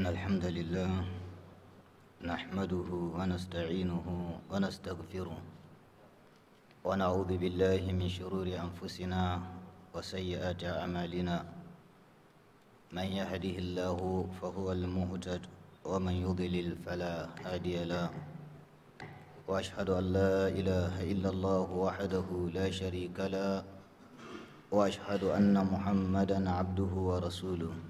إن الحمد لله نحمده ونستعينه ونستغفره ونعوذ بالله من شرور أنفسنا وسيئات أعمالنا من يهده الله فهو المهتد ومن يضلل فلا هادي له وأشهد أن لا إله إلا الله وحده لا شريك له وأشهد أن محمدا عبده ورسوله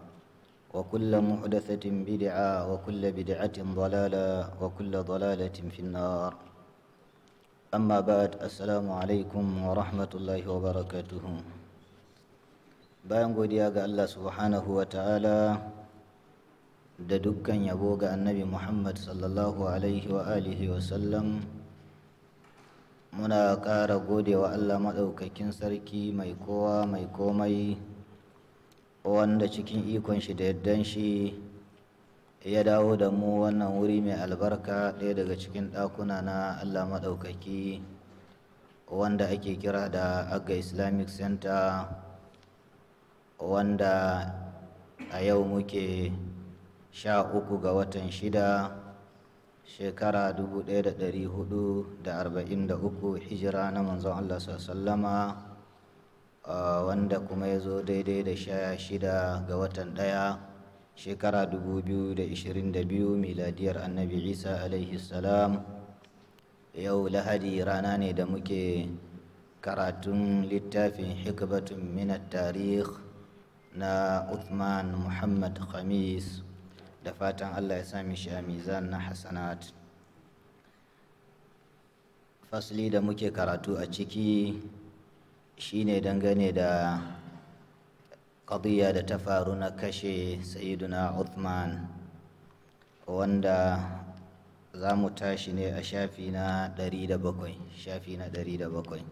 وكل محدثة بدعة وكل بدعة ضلالة وكل ضلالة في النار أما بعد السلام عليكم ورحمة الله وبركاته bayan godiya ga Allah subhanahu wa ta'ala da dukkan yabo ga annabi Muhammad sallallahu muna ƙara gode wa Allah maɗaukakin sarki mai kowa mai komai wanda cikin ikon shi da yaddan shi ya dawo da mu wannan wuri mai albarka ɗaya daga cikin ɗakuna na allah maɗaukaki wanda ake kira da agga islamic center wanda a yau muke sha uku ga watan shida shekara 1443 hijira na manzon allah sallama wanda kuma ya zo daidai da sha shida ga watan ɗaya shekara 2022 miladiyar annabi isa alaihi salam yau lahadi rana ne da muke karatun littafin hikbatun minat tarih na uthman muhammad khamis da fatan allah ya sami shi a mizan na hasanat fasli da muke karatu a ciki shine dangane da ƙadiyya da ta faru na kashe sayiduna Uthman wanda za mu tashi ne a shafi na 107 shafi na 107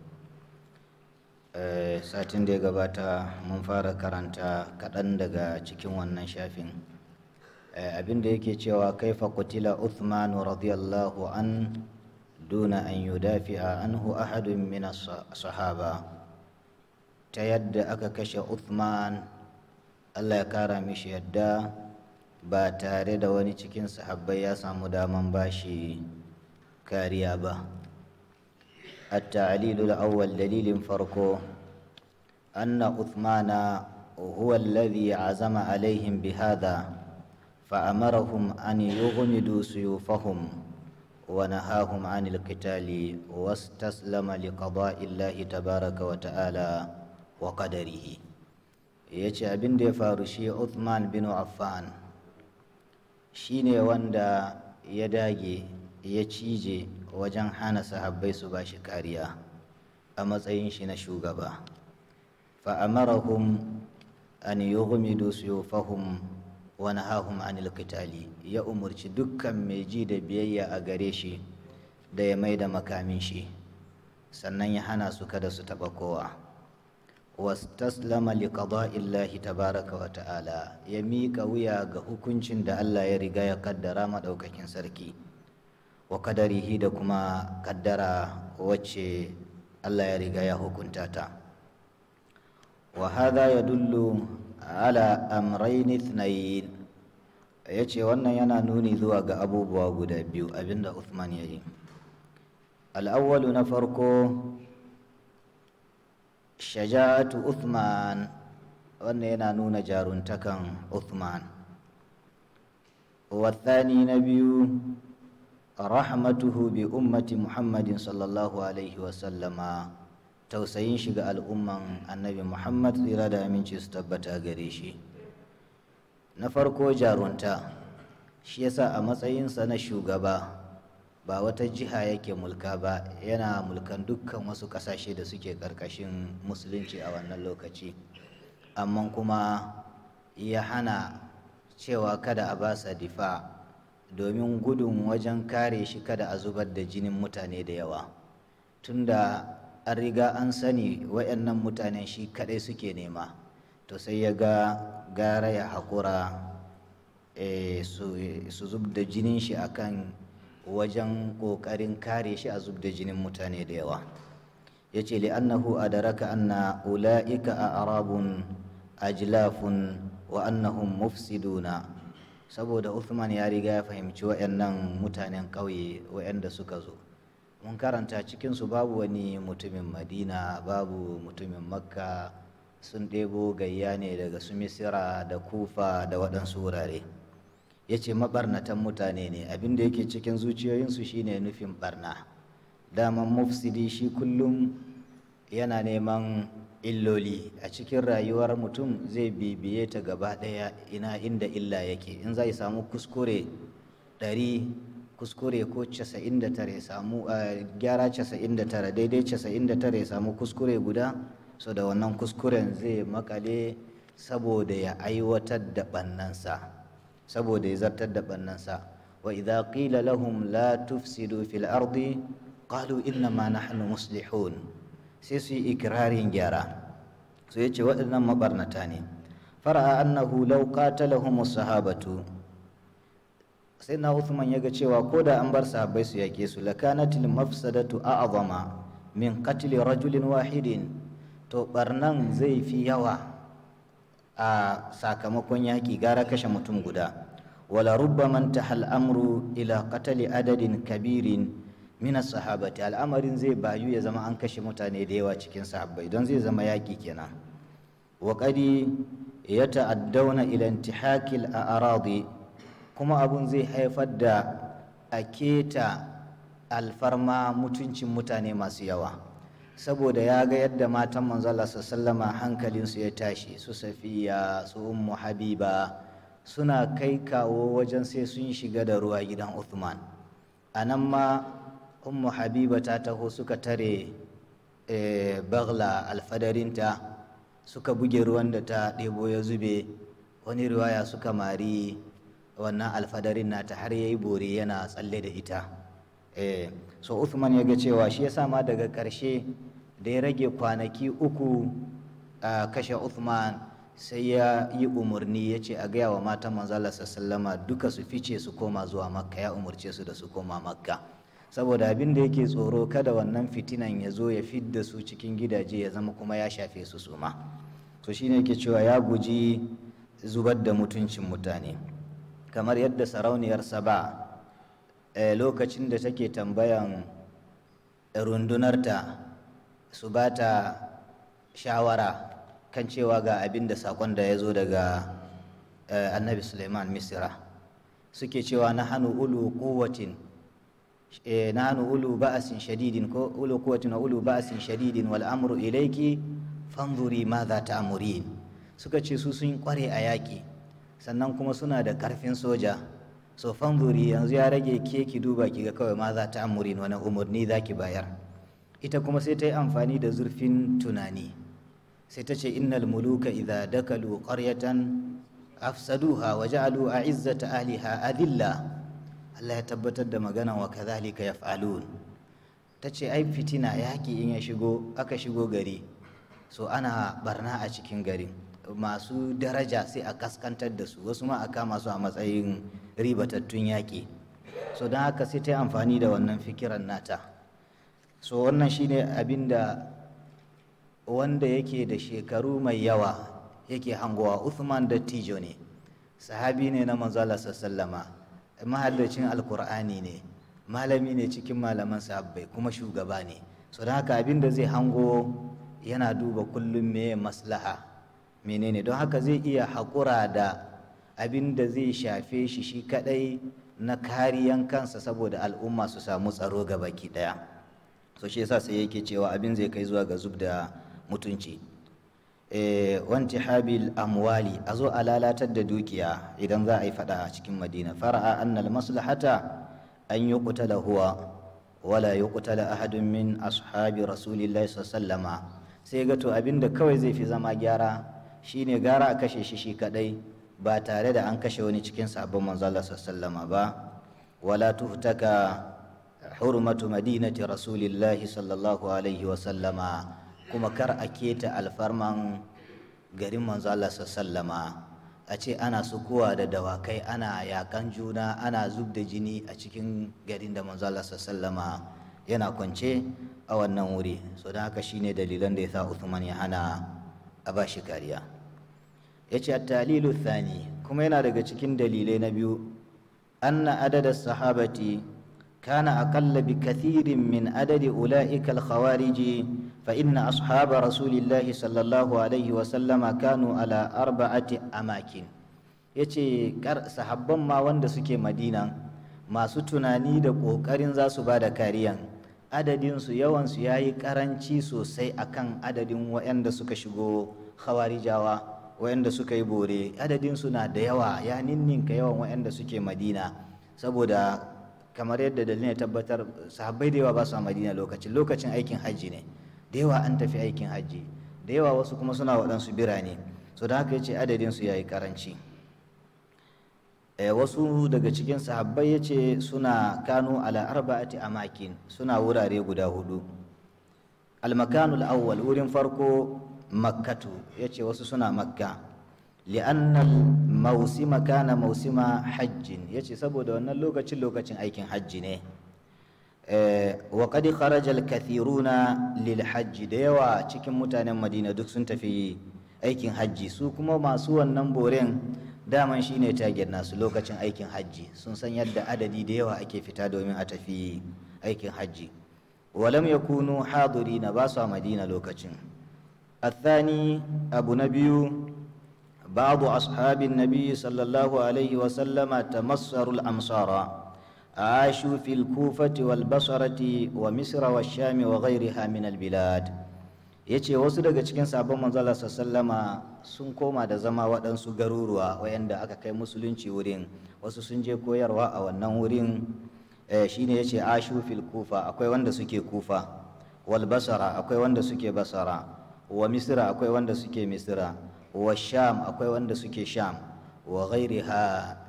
eh, satin da ya gabata mun fara karanta kaɗan daga cikin wannan shafin eh, abin da yake cewa kaifa kutila Uthman radiyallahu an duna an a anhu ahadun min sahaba ta yadda aka kashe Uthman Allah ya kara mishi yadda ba tare da wani cikin sahabbai ya samu daman bashi kariya ba التعليل الأول دليل فرقه أن عثمان هو الذي عزم عليهم بهذا فأمرهم أن يغمدوا سيوفهم ونهاهم عن القتال واستسلم لقضاء الله تبارك وتعالى wa Ya ce abin da ya faru shi Uthman bin Affan ne wanda ya dage ya cije wajen hana sahabbai su bashi kariya a matsayin shi na shugaba fa amarahum an yi suyufahum wani hahun anil qitali ya umarci dukkan mai ji da biyayya a gare shi da ya mai da makamin shi sannan ya hana su kada su taɓa kowa wastaslama liqada'illahi tabaraka wa ta'ala ya miƙa wuya ga hukuncin da Allah ya riga ya kaddara maɗaukakin sarki wa kadarihi da kuma kaddara wacce Allah ya riga ya hukunta ta wa ya yadullu ala amrayn ithnayn yace wannan yana nuni zuwa ga abubuwa guda biyu abinda Uthman ya yi al na farko shaja'atu Uthman wannan yana nuna jaruntakan Uthman wathani na biyu rahmatuhu bi ummati Muhammadin sallallahu alaihi wasallama tausayin shiga al'umman annabi Muhammad tsira da aminci su tabbata gare shi na farko jarunta shi yasa a matsayinsa na shugaba ba wata jiha yake mulka ba yana mulkan dukkan wasu ƙasashe da suke ƙarƙashin musulunci a wannan lokaci amma kuma ya hana cewa kada a basa difa domin gudun wajen kare shi kada a zubar da jinin mutane da yawa tunda an riga an sani wayannan mutanen shi kaɗai suke nema to sai ya ga gara ya haƙura eh, su zub da jinin shi akan wajen ƙoƙarin kare shi a zub da jinin mutane da yawa ya ce li'annahu a daraka anna ula'ika a arabun ajlafun wa annahum mufsiduna saboda Uthman ya riga ya fahimci waɗannan mutanen ƙauye waɗanda suka zo mun karanta cikinsu babu wani mutumin madina babu mutumin makka sun ɗebo gayya ne daga su misira da kufa da waɗansu wurare. ya ce mabarnatan mutane ne abin da yake cikin zuciyoyinsu shine nufin barna daman mufsidi shi kullum yana neman illoli a cikin rayuwar mutum zai bibiye ta gaba daya ina inda illa yake in zai samu kuskure ɗari kuskure ko da tare samu gyara tare daidai da ya samu kuskure guda so da wannan kuskuren zai makale saboda ya aiwatar da ɓannansa. saboda ya zartar da bannansa wa idza qila lahum la tufsidu fil ardi qalu inna ma nahnu muslihun sai su yi ikirarin gyara su yace waɗannan mabarnata ne fara'a annahu law qatalahum sahabatu sai na Uthman ya ga cewa ko da an bar sahabbai su yake su lakanatil mafsadatu a'zama min qatli rajulin wahidin to barnan zai fi yawa a sakamakon yaƙi gara kashe mutum guda wala rubba man tahal amru ila qatali adadin kabirin min sahabati al'amarin zai bayu ya zama an kashe mutane da yawa cikin sahabbai don zai zama yaƙi kenan wa ta'addauna yata'addawna ila intihakil a'radi kuma abun zai haifar da a keta alfarma mutuncin mutane masu yawa saboda ya ga yadda matan manzala sallama su ya tashi su safiya su ummu habiba suna kai kawo wajen sai sun shiga da ruwa gidan uthman a nan ma ummu habiba ta taho suka tare eh, bagla alfadarinta suka buge ruwan da ta ɗebo ya zube wani riwaya suka mari wannan alfadarin nata har ya yi bore yana tsalle da ita eh, so uthman ya ga cewa shi ya sama daga ƙarshe da ya rage kwanaki uku a kashe Uthman sai ya yi umarni ya ce a gaya wa matan manzala sallama duka su fice su koma zuwa makka ya umarce su da su koma makka saboda abin da yake tsoro kada wannan fitinan ya zo ya fidda su cikin gidaje ya zama kuma ya shafe su suma to shine yake cewa ya guji zubar da mutuncin mutane kamar yadda sarauniyar ba eh, lokacin da take tambayan eh, rundunarta su ba ta shawara kan cewa ga abin da sakon da ya zo daga eh, annabi suleiman misira suke cewa na hannu ulu kuwatin eh, na hannu ulu ba'asin shadidin ko ulu kuwatin ulu ba'asin shadidin wal ilaiki fanzuri ma za ta amurin suka ce su sun kware a yaki. sannan kuma suna da karfin soja so fanzuri yanzu ya rage ke ki duba ki ga kawai ma za ta amurin wani umarni za ki bayar ita kuma sai ta yi amfani da zurfin tunani sai ta ce innal muluka idza dakalu qaryatan afsaduha wa ja'alu a'izzata ahliha adilla Allah ya tabbatar da magana wa kadhalika yaf'alun ta ce ai fitina yaki in ya shigo aka shigo gari so ana barna a cikin gari. masu daraja sai a kaskantar da su wasu ma a kama su a matsayin ribatattun yaki so don haka sai ta yi amfani da wannan fikiran nata so wannan shine abin wanda yake da shekaru mai yawa yake hangowa Uthman dattijo ne sahabi ne na manzala sallama mahallacin alkur'ani ne malami ne cikin malaman sahabbai kuma shugaba ne so don haka abin da zai hango yana duba kullum me maslaha menene don haka zai iya haƙura da abin da zai shafe shi shi kadai na kariyan kansa saboda al'umma su samu tsaro ga baki daya so shi yasa sai yake cewa abin zai kai zuwa ga zub da mutunci eh, wanti habil amwali a zo a lalatar da dukiya idan za a yi fada a cikin madina fara'a annal maslahata an yi kutala huwa wala yi kutala ahadun min ashabi rasulillahi sallama sai ga to abin da kawai zai fi zama gyara shine gara a kashe shi shi kadai ba tare da an kashe wani cikin sabon manzala sallama ba wala tuhtaka hurmatu madinati rasulillahi sallallahu alaihi kuma kar a keta alfarman garin manzo Allah sallama a ce ana sukuwa da dawakai ana yakan juna ana zub da jini a cikin garin da manzo Allah sallama yana kwance a wannan wuri so don haka shine dalilan da yasa Uthman ya hana a ba shi kariya yace at-talilu thani kuma yana daga cikin dalilai na biyu anna adada sahabati كان أقل بكثير من عدد أولئك الخوارج فإن أصحاب رسول الله صلى الله عليه وسلم كانوا على أربعة أماكن yace sahabban ma wanda suke madina masu tunani da ƙoƙarin za su ba da kariyan adadinsu yawansu ya yi ƙaranci sosai akan adadin waɗanda suka shigo khawarijawa waɗanda suka yi bore adadinsu na da yawa ya ninninka yawan waɗanda suke madina saboda kamar yadda dalilin ya tabbatar sahabbai da yawa ba su a madina lokacin lokacin aikin hajji ne da yawa an tafi aikin hajji da yawa wasu kuma suna waɗansu birane so da haka ya ce adadin su ya yi karanci eh, wasu daga cikin sahabbai ya ce suna kano ala arba'ati amakin suna wurare guda hudu almakanul awwal wurin farko makkatu ya ce wasu suna makka li'annan mausima kana mausima hajjin ce saboda wannan lokacin lokacin aikin hajji ne wa kadi kharajal kathiruna lil hajji da yawa cikin mutanen Madina duk sun tafi aikin hajji su kuma masu wannan boren daman shi shine tagen nasu lokacin aikin hajji sun san yadda adadi da yawa ake fita domin a tafi aikin hajji walam Kunu na ba su a Madina lokacin الثاني abu na biyu. بعض أصحاب النبي صلى الله عليه وسلم تمصروا الأمصار عاشوا في الكوفة والبصرة ومصر والشام وغيرها من البلاد yace wasu daga cikin sabon manzala sallama sun koma da zama waɗansu garuruwa wayanda aka kai musulunci wurin wasu sun je koyarwa a wannan wurin shine yace ashu fil kufa akwai wanda suke kufa wal basara akwai wanda suke basara wa misra akwai wanda suke misra wa sham akwai wanda suke sham wa ha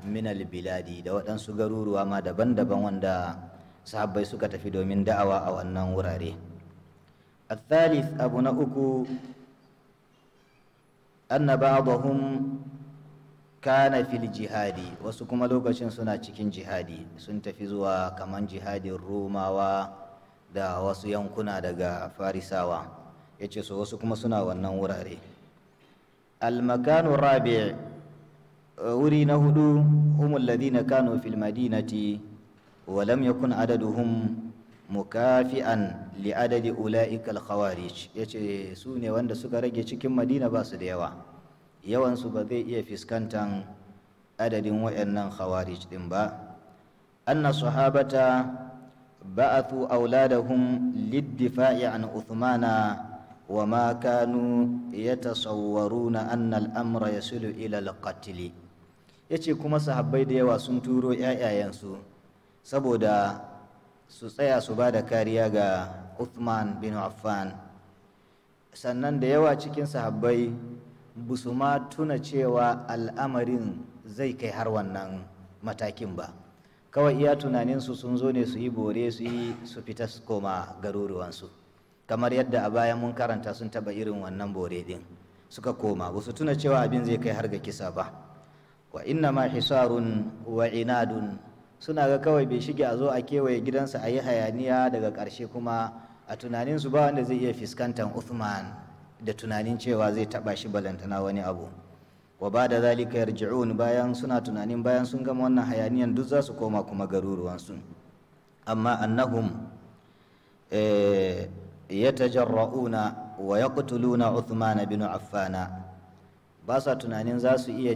min biladi da waɗansu garuruwa ma daban-daban wanda sahabbai suka tafi domin da'awa a wannan wurare na uku anna أن kana kana'fil jihadi, wasu kuma lokacin suna cikin jihadi sun tafi zuwa kaman jihadin Romawa da wasu yankuna daga Farisawa yace so wasu kuma suna wannan wurare almakanu rabi wuri na hudu humul ladina kanu fil madinati wa lam yakun adaduhum mukafi'an li adadi ula'ikal khawarij yace su ne wanda suka rage cikin madina ba su da yawa yawansu ba zai iya fiskantan adadin wayannan khawarij din ba anna sahabata ba'athu auladahum lid-difa'i an uthmana وما كانوا يتصورون أن الأمر يصل إلى القتل yace kuma sahabbai da yawa sun turo ‘ya'yayensu saboda su tsaya su ba da kariya ga Uthman bin Affan sannan da yawa cikin sahabbai ba su ma tuna cewa al'amarin zai kai har wannan matakin ba kawai iya tunaninsu sun zo ne su yi bore su yi su fita su koma garuruwansu kamar yadda a baya mun karanta sun taba irin wannan bore din suka koma ba su tuna cewa abin zai kai har ga kisa ba wa inna ma hisarun wa inadun suna ga kawai bai shige a zo a kewaye gidansa a yi hayaniya daga ƙarshe kuma a tunaninsu ba wanda zai iya fuskantar Uthman da tunanin cewa zai taba shi balantana wani abu wa ba da zalika yarji'un bayan suna tunanin bayan sun gama wannan hayaniyan duk za su koma kuma garuruwansu amma annahum eh, yatajarra'una wa yaqtuluna Uthman bin Affana ba sa tunanin za su iya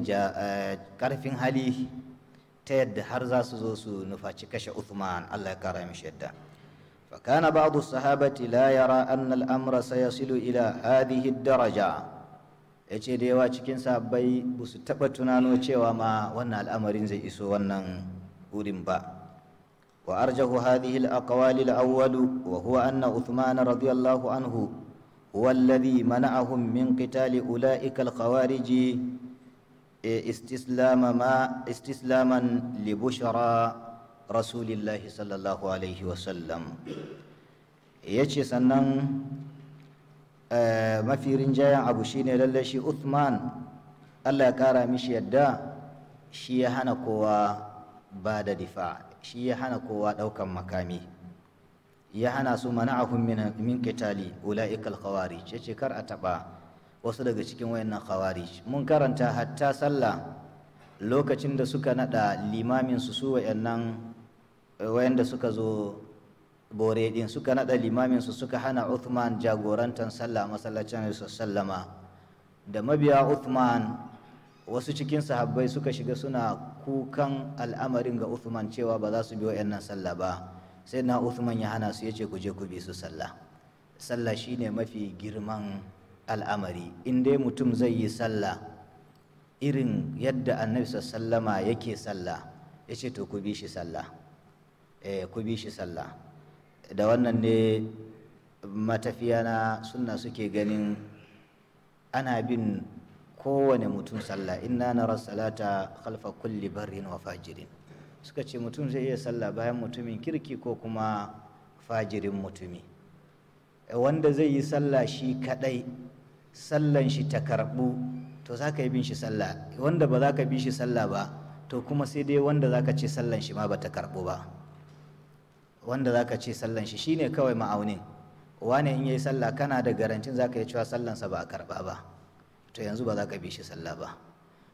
karfin eh, hali ta yadda har za su zo su nufaci kashe Uthman Allah ya kara mishi yadda فكان بعض الصحابة لا يرى ya الأمر ila إلى هذه daraja yace da yawa cikin sahabbai ba su taɓa tunano cewa ma wannan al'amarin zai iso wannan wurin ba وأرجح هذه الأقوال الأول وهو أن عثمان رضي الله عنه هو الذي منعهم من قتال أولئك الخوارج استسلام ما استسلاما لبشرى رسول الله صلى الله عليه وسلم yace sannan mafi rinjayen abu shine lalle shi Uthman Allah ya kara mishi yadda shi ya hana kowa ba da difa shi ya hana kowa ɗaukan makami ya hana su mana'ahum min qitali ula'ikal khawarij ce kar a taɓa wasu daga cikin wayannan khawarij mun karanta hatta sallah lokacin da suka nada limamin su su wayannan wayanda suka zo bore din suka naɗa limamin su suka hana Uthman jagorantan sallah masallacin sallama da mabiya Uthman wasu cikin sahabbai suka shiga suna kukan al'amarin ga Uthman cewa ba za su bi nan sallah ba sai na Uthman ya hana su ya ce ku je ku bi su sallah sallah shine mafi girman al'amari in dai mutum zai yi sallah irin yadda annabi sallama yake sallah ya ce to ku bi shi sallah eh ku bi shi sallah da wannan ne matafiya na sunna suke ganin ana bin kowane mutum sallah inna nara salata khalfa kulli barrin wa fajirin suka ce mutum zai iya sallah bayan mutumin kirki ko kuma fajirin mutumi eh, wanda zai yi sallah shi kadai sallan shi ta karbu to za ka yi bin shi sallah wanda ba za ka bi shi sallah ba to kuma sai dai wanda za ka ce sallan shi ma ba ta karbu ba wanda za ka ce sallan shi shine kawai ma'aunin wane in yi sallah kana da garantin za ka yi cewa sallansa ba a karba ba to yanzu ba za ka bi shi sallah ba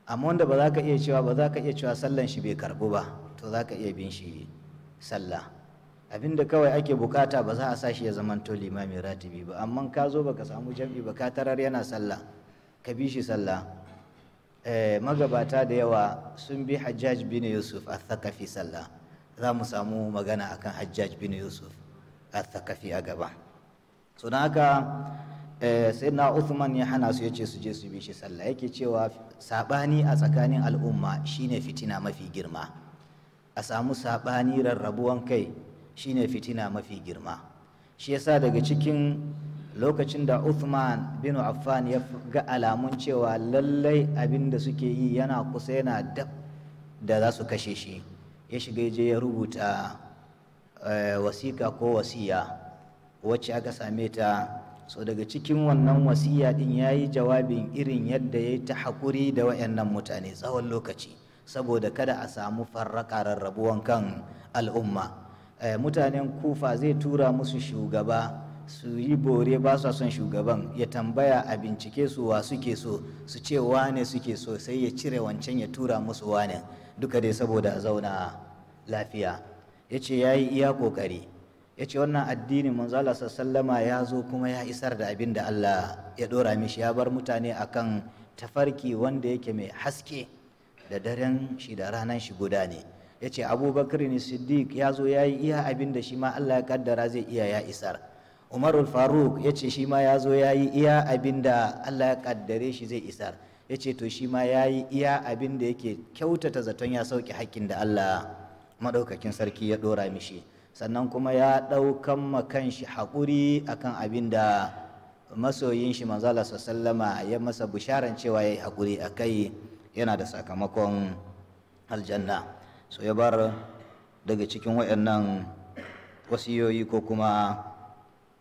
amma wanda ba za ka iya cewa ba za ka iya cewa sallan shi bai karbu ba to za ka iya bin shi sallah abin da kawai ake bukata ba za a sa shi ya zama to limami ratibi ba amma ka zo ba ka samu jam'i ba ka tarar yana sallah ka bi shi sallah eh, magabata da yawa sun bi hajjaj bin yusuf a thakafi sallah za mu samu magana akan hajjaj bin yusuf a thakafi a gaba so haka Eh, sai na Uthman ya hana su ya ce su je su bi shi sallah yake cewa sabani a tsakanin al'umma shine fitina mafi girma a samu sabani rarrabuwan kai shine fitina mafi girma shi yasa daga cikin lokacin da Uthman bin Affan ya ga alamun cewa lallai abin da suke yi yana kusa yana dab da za su kashe shi ya shiga je ya rubuta eh, wasiƙa ko wasiya wacce aka same ta so daga cikin wannan wasiya din ya yi jawabin irin yadda ya yi ta haƙuri da wayannan mutane tsawon lokaci saboda kada a samu farraka rarrabuwan kan al'umma eh, mutanen kufa zai tura musu shugaba su yi bore ba su son shugaban ya tambaya a bincike su wa suke so su ce wane suke so sai ya cire wancan ya tura musu wane duka dai saboda a zauna lafiya ya ce ya yi iya ƙoƙari ya ce wannan addini manzala sallama ya zo kuma ya isar da abin da Allah ya ɗora mishi ya bar mutane akan tafarki wanda yake mai haske da daren shi da ranar shi guda ne ya ce abubakar ne siddiq ya zo ya yi iya abin da shi ma Allah ya kaddara zai iya ya isar umarul faruk ya ce shi ma ya zo ya yi iya abin da Allah ya kaddare shi zai isar ya ce to shi ma ya yi iya abin da yake kyautata zaton ya sauke hakkin da Allah madaukakin sarki ya dora mishi sannan kuma ya ɗaukan kan shi haƙuri kan abin da masoyin shi manzala sallama ya masa bisharan cewa ya yi haƙuri a kai yana da sakamakon aljanna so ya bar daga cikin waɗannan wasiyoyi ko kuma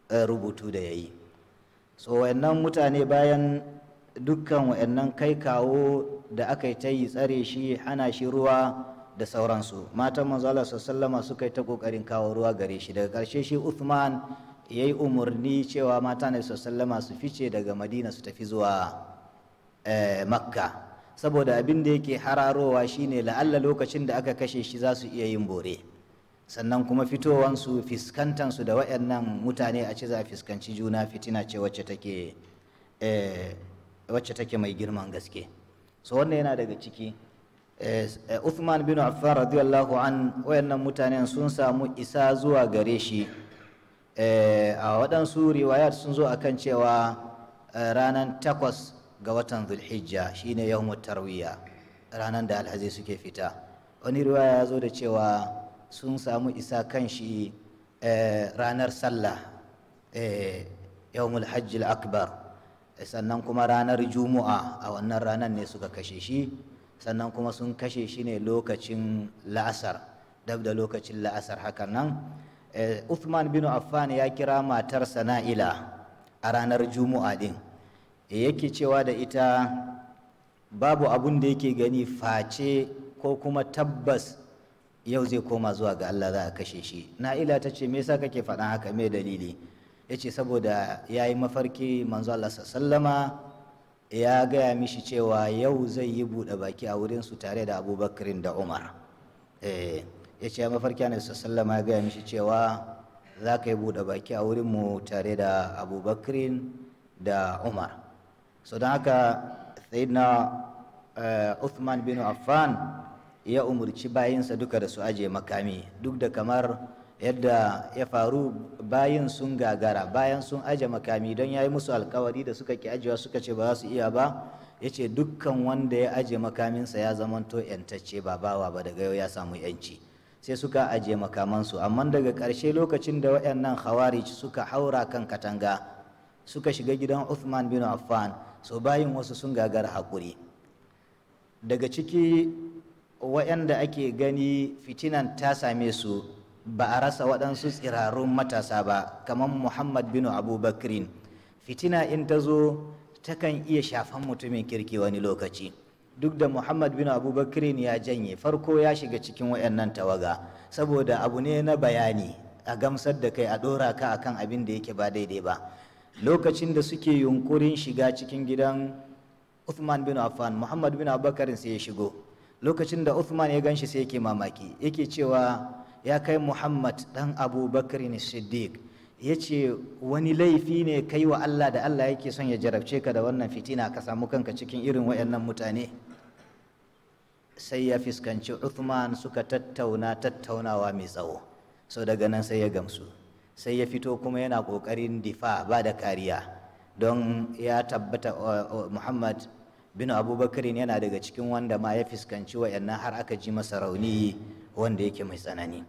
eh, rubutu da ya yi so waɗannan mutane bayan dukkan waɗannan kai kawo da aka yi ta yi tsare shi hana shi ruwa da sauransu matan manzala sallama suka yi ta kokarin kawo ruwa gare shi daga karshe shi Uthman ya yi umarni cewa mata ne sallama su fice daga Madina su tafi zuwa eh, Makka saboda abin da yake hararowa shine la'alla lokacin da aka kashe shi za su iya yin bore sannan kuma fitowansu fiskantansu da waɗannan mutane a ce za a fiskanci juna fitina ce wacce take eh, wacce take mai girman gaske so wannan yana daga ciki Eh, Uthman bin Affan radiyallahu an wayannan mutanen sun samu isa zuwa gare shi eh, a waɗansu riwayat sun zo akan cewa eh, ranar takwas ga watan zulhijja shine yawmut tarwiya ranar da alhazi suke fita wani riwaya ya zo da cewa sun samu isa kan shi ranar sallah yawmul hajjil akbar sannan kuma ranar Jumu'a a wannan ranar ne suka kashe shi sannan kuma sun kashe shi ne lokacin la'asar dab da lokacin la'asar hakan nan eh, Uthman bin Affan ya kira matar Sana'ila a ranar Juma'a din eh, yake cewa da ita babu abun da yake gani face ko kuma tabbas yau zai koma zuwa ga Allah za a kashe shi na'ila ta ce me yasa kake faɗan haka me dalili ya ce saboda ya yi mafarki manzo Allah sallama ya gaya mishi cewa yau zai yi buɗe baki a wurinsu tare da abubakarin da umar eh, ya ce mafarki ana sallama ya gaya mishi cewa za ka yi buɗe baki a wurin mu tare da abubakarin da umar so don haka na eh, uthman bin affan ya umarci bayinsa duka da su aje makami duk da kamar yadda ya faru bayan sun gagara bayan sun aje makami don ya yi musu alkawari da suka ki ajewa suka ce ba za su iya ba ya ce dukkan wanda ya aje makaminsa ya zamanto yantacce ba bawa ba daga yau ya samu yanci sai suka aje makamansu amma daga karshe lokacin da waɗannan khawarij suka haura kan katanga suka shiga gidan Uthman bin Affan so bayin wasu sun gagara haƙuri daga ciki waɗanda ake gani fitinan ta same su ba a rasa waɗansu tsirarun matasa ba kamar muhammad bin abubakirin fitina in ta zo takan iya shafan mutumin kirki wani lokaci duk da muhammad bin abubakirin ya janye farko ya shiga cikin wayannan tawaga saboda abu ne na bayani a gamsar da kai a ɗora ka akan abin da yake ba daidai ba lokacin da suke yunkurin shiga cikin gidan Uthman bin Affan Muhammad bin Abubakar sai ya shigo lokacin da Uthman ya ganshi sai yake mamaki yake cewa ya kai muhammad dan abubakar ne siddiq ya ce wani laifi ne kai wa allah da allah yake son ya jarabce ka da wannan fitina ka samu kanka cikin irin wayannan mutane sai ya fuskanci uthman suka tattauna tattaunawa mai tsawo sau daga nan sai ya gamsu sai ya fito kuma yana ƙoƙarin difa ba da kariya don ya tabbata uh, uh, muhammad bin abubakarin yana daga cikin wanda ma ya fuskanci wayannan har aka ji masa rauni wanda yake mai tsanani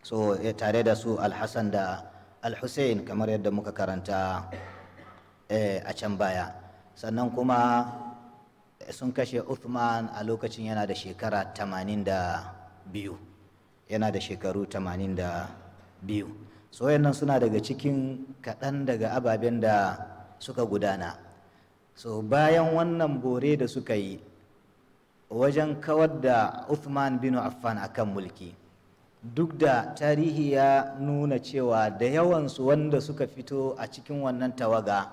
so tare da su alhassan da alhussein kamar yadda muka karanta eh, a can baya sannan kuma sun kashe uthman a lokacin yana da shekara 82 yana da shekaru 82 so suna daga cikin kaɗan daga ababen da suka gudana so bayan wannan bore da suka yi wajen kawar da Uthman bin Affan kan mulki duk da tarihi ya nuna cewa da yawansu wanda suka fito a cikin wannan tawaga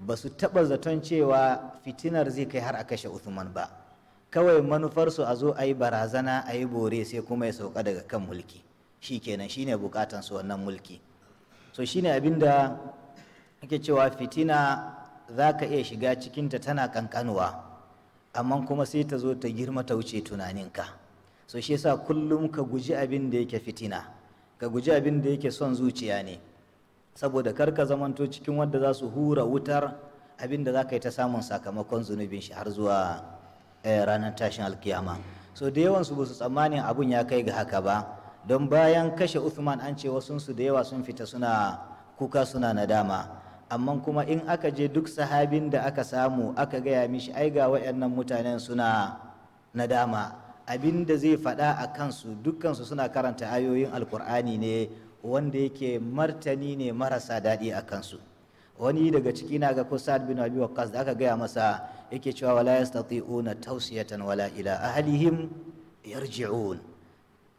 ba su taɓa zaton cewa fitinar zai kai har a kashe Uthman ba kawai manufarsu a zo a yi barazana a yi bore sai kuma ya sauka daga kan mulki shi kenan shine bukatansu wannan mulki so shine abinda ake cewa fitina za ka iya shiga cikinta tana kankanuwa amma kuma sai ta zo ta girma ta wuce tunaninka so shi yasa kullum ka guji abin da yake fitina ka guji abin da yake son zuciya ne saboda kar ka zamanto cikin wanda za su hura wutar abin da za ka yi ta samun sakamakon zunubin shi har zuwa eh, ranar tashin alkiyama so da yawansu ba su tsammanin abun ya kai ga haka ba don bayan kashe Uthman an ce wasunsu da yawa sun fita suna kuka suna nadama amma kuma in aka je duk sahabin da aka samu aka gaya mishi ai ga waɗannan mutanen suna nadama abin da zai faɗa a kansu dukkansu suna karanta ayoyin alkur'ani ne wanda yake martani ne marasa daɗi a kansu wani daga ciki na ga kusad bin abi waqqas da aka gaya masa yake cewa wala yastati'una tawsiyatan wala ila ahlihim yarji'un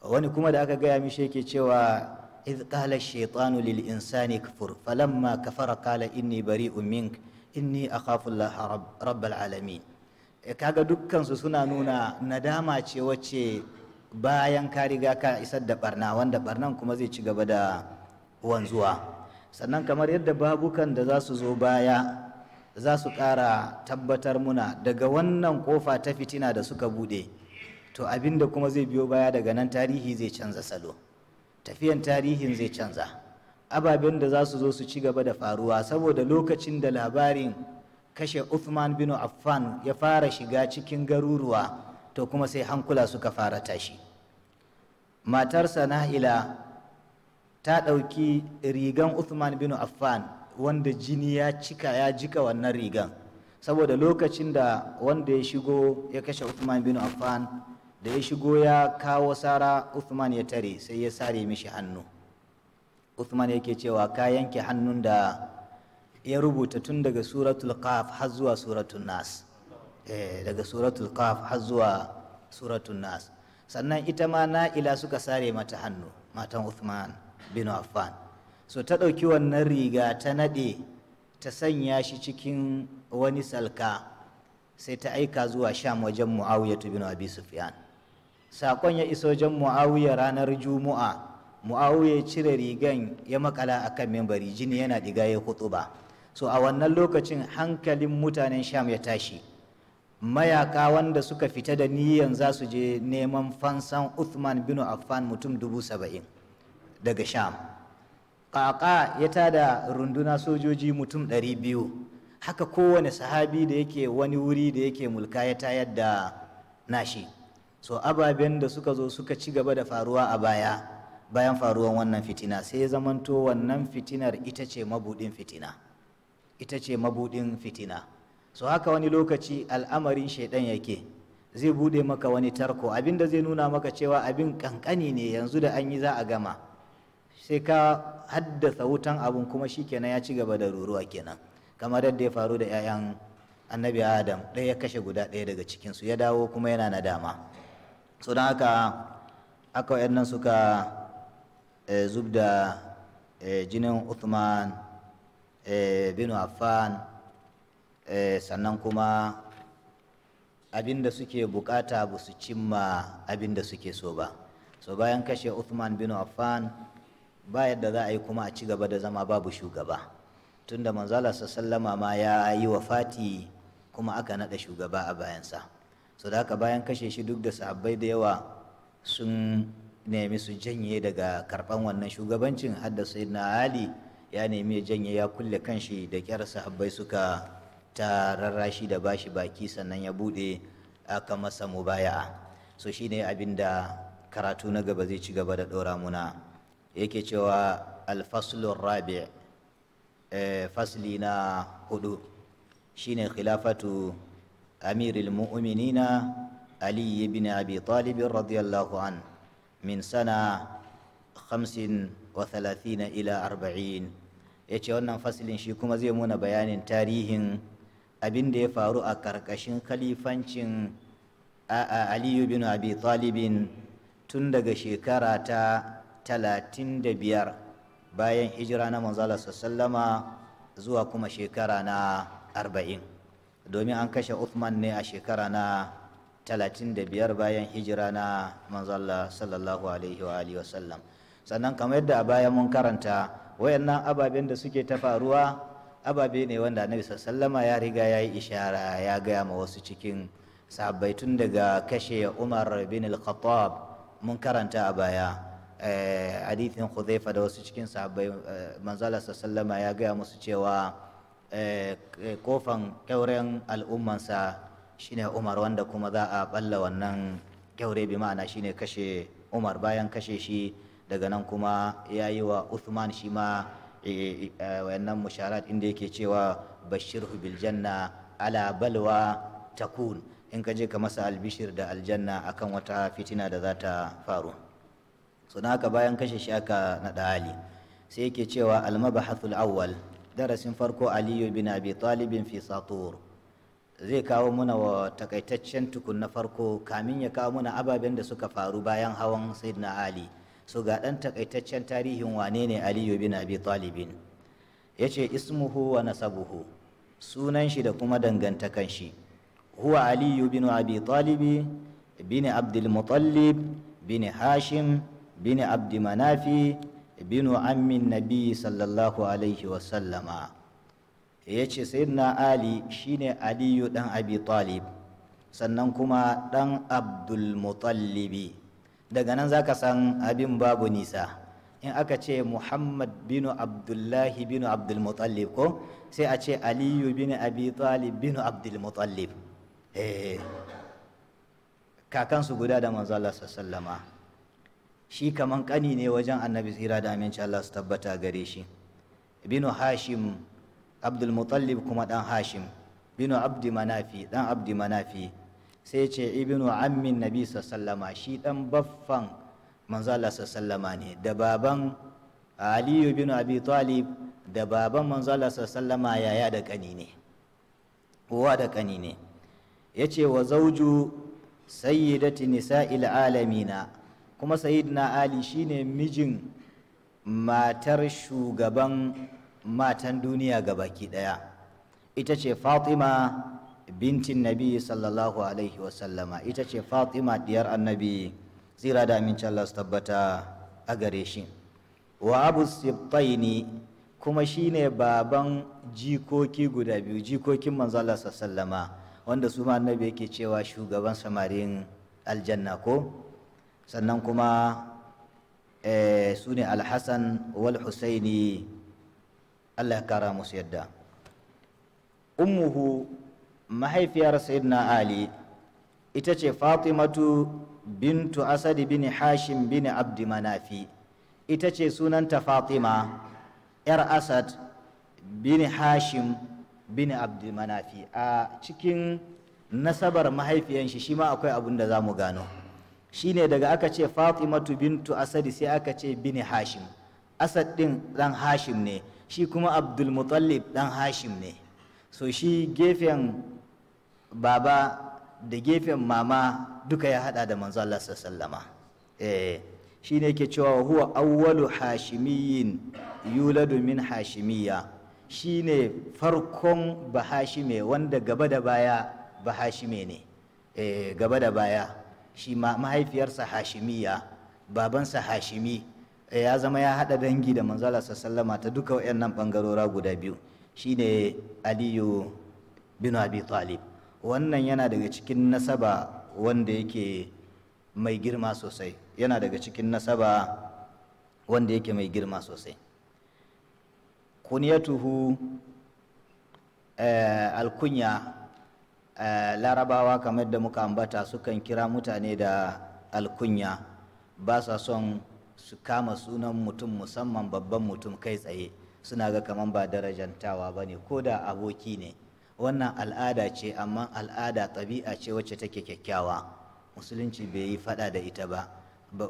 wani kuma da aka gaya mishi yake cewa إذ قال الشيطان للإنسان كفر فلما كفر قال إني بريء منك إني أخاف الله رب, رب العالمين kaga dukkansu suna nuna nadama ce wacce bayan ka riga ka isar da barna wanda barnan kuma zai ci gaba da wanzuwa sannan kamar yadda babukan da za su zo baya za su ƙara tabbatar muna daga wannan ƙofa ta fitina da suka buɗe to abinda kuma zai biyo baya daga nan tarihi zai canza salo tafiyan tarihin zai canza ababen da za su zo su ci gaba da faruwa saboda lokacin da labarin kashe Uthman bin Affan ya fara shiga cikin garuruwa to kuma sai hankula suka fara tashi matarsa Nahila ta ɗauki rigan Uthman bin Affan wanda jini ya cika ya jika wannan rigan saboda lokacin da wanda ya shigo ya kashe Uthman bin Affan da ya shigo ya kawo sara Uthman ya tare sai ya sare mishi hannu Uthman yake cewa ka yanke hannun da ya rubuta tun daga suratul kaf har zuwa suratul nas eh daga suratul qaf har zuwa suratul nas sannan ita ma na'ila suka sare mata hannu matan Uthman bin Affan so ta ɗauki wannan riga ta naɗe ta sanya shi cikin wani salka sai ta aika zuwa sham wajen mu'awiyatu bin abi sufyan saƙon ya iso jan mu'awiya ranar juma'a mu'awiya cire rigan ya makala a kan membari jini yana diga ya hutu ba so a wannan lokacin hankalin mutanen sham ya tashi mayaka wanda suka fita da niyyan za su je neman fansan uthman bin affan mutum dubu saba'in daga sham ƙaƙa ya tada runduna sojoji mutum ɗari biyu haka kowane sahabi da yake wani wuri da yake mulka ya tayar da nashi so ababen da suka zo suka ci gaba da faruwa a baya bayan faruwan wannan fitina sai zamanto wannan fitinar ita ce mabudin fitina ita ce mabudin fitina so haka wani lokaci al'amarin shaidan yake zai bude maka wani tarko abin da zai nuna maka cewa abin kankani ne yanzu da an yi za a gama sai ka haddasa wutan abun kuma shi kenan ya ci gaba da ruruwa kenan kamar yadda ya faru da 'ya'yan annabi adam ɗaya ya kashe guda ɗaya daga cikinsu ya dawo kuma yana nadama so don haka aka nan suka eh, zub da eh, jinin uthman eh, bin affan sannan kuma abinda suke bukata ba su cimma abinda suke so ba so bayan kashe uthman bin affan ba yadda za a yi kuma a ci gaba da zama babu shugaba tunda manzala sallama ma ya yi wa fati kuma aka naɗa shugaba a bayansa so da haka bayan kashe shi duk da sahabbai da yawa sun nemi su janye daga karban wannan shugabancin hadda na ali ya nemi ya janye ya kulle kanshi da kyar sahabbai suka ta rarrashi da bashi baki sannan ya bude aka masa mu baya. so shine abin da karatu na gaba zai ci gaba da ɗora muna yake cewa alfaslun rabi eh, fasli na hudu shine khilafatu أمير المؤمنين علي بن أبي طالب رضي الله عنه من سنة خمس وثلاثين إلى أربعين yace wannan fasilin shi kuma zai muna bayanin tarihin abin da ya faru a karkashin A'a aliyu bin abi talibin tun daga shekara ta talatin da biyar bayan hijira na manzala sallama zuwa kuma shekara na arba'in domin an kashe Uthman ne a shekara na 35 bayan hijira na manzalla sallallahu alaihi wa alihi wasallam sannan kamar yadda a baya mun karanta wayannan ababen da suke ta faruwa ababe ne wanda annabi sallama ya riga ya yi ishara ya gaya ma wasu cikin sahabbai tun daga kashe Umar bin al-Khattab mun karanta a baya eh, hadithin khuzaifa da wasu cikin sahabbai eh, manzala sallama ya gaya musu cewa Eh, eh, kofan kyauren al'ummansa shine umar wanda kuma za a balla wannan kyaure bi ma'ana shine kashe umar bayan kashe shi daga nan kuma ya yi wa uthman shi ma eh, wayannan musharat inda yake cewa Bashir biljanna janna ala balwa takun in ka je ka masa albishir da aljanna akan wata fitina da za ta faru suna haka bayan kashe shi aka naɗa ali sai yake cewa almabahathul awwal darasin farko aliyu bin abi talibin fi satur zai kawo muna wa takaitaccen tukun na farko kamin ya kawo muna ababen da suka faru bayan hawan sayyidina ali so ga dan takaitaccen tarihin wane ne aliyu bin abi talibin yace ismuhu wa nasabuhu sunan shi da kuma dangantakan shi huwa aliyu bin abi talibi bin abdul muttalib bin hashim bin abdi manafi ibnu ammin nabi sallallahu alaihi wasallama ya ce sayyidina ali shine aliyu dan abi talib sannan kuma dan Abdul mutallibi daga nan zaka san abin babu nisa in aka ce muhammad bin abdullahi bin mutallib ko sai a ce aliyu bin abi talib bin kakan eh, kakansu guda da manzo Allah sallama shi kaman kani ne wajen annabi tsira da aminci Allah su tabbata gare shi binu hashim abdul mutallib kuma dan hashim binu abdi manafi dan abdi manafi sai ce ibnu ammin nabi sallama shi dan baffan manzo Allah sallama ne da baban aliyu bin abi talib da baban manzo Allah sallama yaya da kani ne uwa da kani ne yace wa zauju sayyidati nisa'il alamina kuma na ali shine mijin matar shugaban matan duniya ga baki daya ita ce fatima bintin nabi sallallahu alaihi wasallama ita ce fatima diyar annabi tsira da amincin Allah tabbata a gare shi wa abu sibtaini kuma shine baban jikoki guda biyu jikokin manzo Allah sallama wanda su ma annabi yake cewa shugaban samarin aljanna ko sannan kuma eh, su ne alhassan wal husaini allah kara musu yadda ummuhu mahaifiyar sayyidina ali ita ce fatimatu bintu asadi bin hashim bin abdi manafi ita ce sunanta fatima yar asad bin hashim bin abdi manafi a cikin nasabar mahaifiyanshi shi ma akwai abin da za mu gano shine daga aka ce fatimatu bintu asadi sai aka ce bini hashim asad din dan hashim ne shi kuma abdul mutallib dan hashim ne so shi gefen baba da gefen mama duka ya hada da manzo Allah sallama eh shine yake cewa huwa awwalu hashimiyin yuladu min hashimiya shine farkon bahashime wanda gaba da baya bahashime ne eh gaba da baya shi ma mahaifiyarsa hashimiya babansa hashimi eh, ya zama ya haɗa dangi da manzala sallama ta duka wayannan bangarora guda biyu shine aliyu bin abi talib wannan yana daga cikin nasaba wanda yake mai girma sosai yana daga cikin nasaba wanda yake mai girma sosai kunyatuhu eh, alkunya Eh, larabawa kamar da muka ambata sukan kira mutane da alkunya ba sa son su kama sunan mutum musamman babban mutum kai tsaye suna ga kamar ba darajantawa ba ne ko da aboki ne wannan al'ada ce amma al'ada ɗabi'a ce wacce take kyakkyawa musulunci bai yi faɗa da ita ba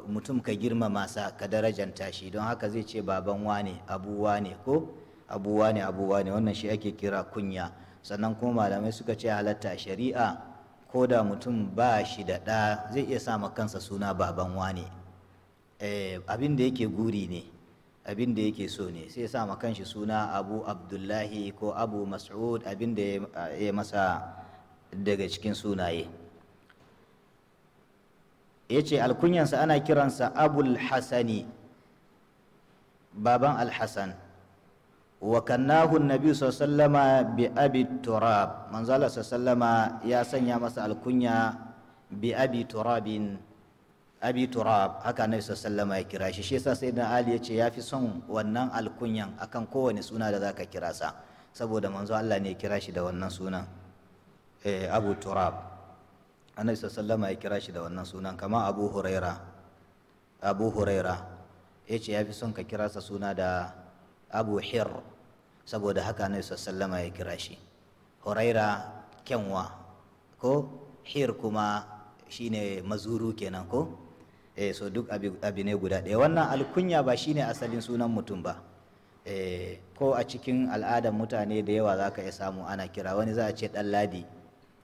mutum ka girmama sa ka darajanta shi don haka zai ce baban wane abuwa ne ko abuwa ne abuwa ne wannan shi ake kira kunya sannan kuma malamai suka ce halatta shari'a ko da mutum ba shi da ɗa zai iya sa kansa suna baban wane eh, abin da yake guri ne abin da yake so ne sai ya sa kanshi suna abu abdullahi ko abu mas'ud abin da ya masa daga cikin sunaye ya ce alkunyansa ana kiransa abul hasani baban alhassan wa kannahu nabi sallama bi abi turab manzo Allah sallama ya sanya masa alkunya bi abi turabin abi turab haka nabi sallama ya kira shi shi yasa sayyidina ali ya ce ya fi son wannan alkunyan akan kowane suna da zaka kira sa saboda manzo Allah ne ya kira shi da wannan sunan eh abu turab annabi sallama ya kira shi da wannan sunan kama abu huraira abu huraira ya ce ya fi son ka kira sa suna da abu hir saboda haka ne sallama ya kira shi huraira kyanwa ko hir kuma shine mazuru kenan ko e, so duk abi ne guda ɗaya wannan alkunya ba shine asalin sunan mutum ba eh ko a cikin al'adar mutane da yawa za ka samu ana kira wani za a ce ɗan ladi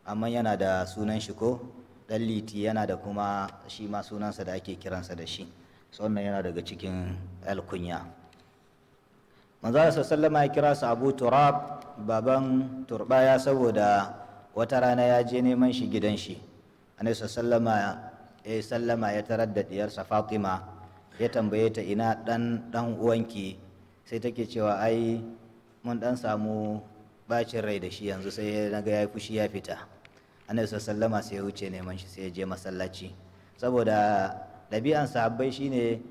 amma yana da sunan shi ko ɗan liti yana da kuma shi ma sunansa da ake kiransa da shi sannan yana daga cikin alkunya manzo sallama ya kira su abu turab baban turbaya saboda wata rana ya je neman shi gidan shi annabi sallama ya sallama ya tarar da ɗiyarsa fatima ya tambaye ta ina ɗan dan uwanki sai take cewa ai mun ɗan samu bacin rai da shi yanzu sai na ga yi fushi ya fita annabi sallama sai ya wuce neman shi sai ya je masallaci saboda ɗabi'an sahabbai shine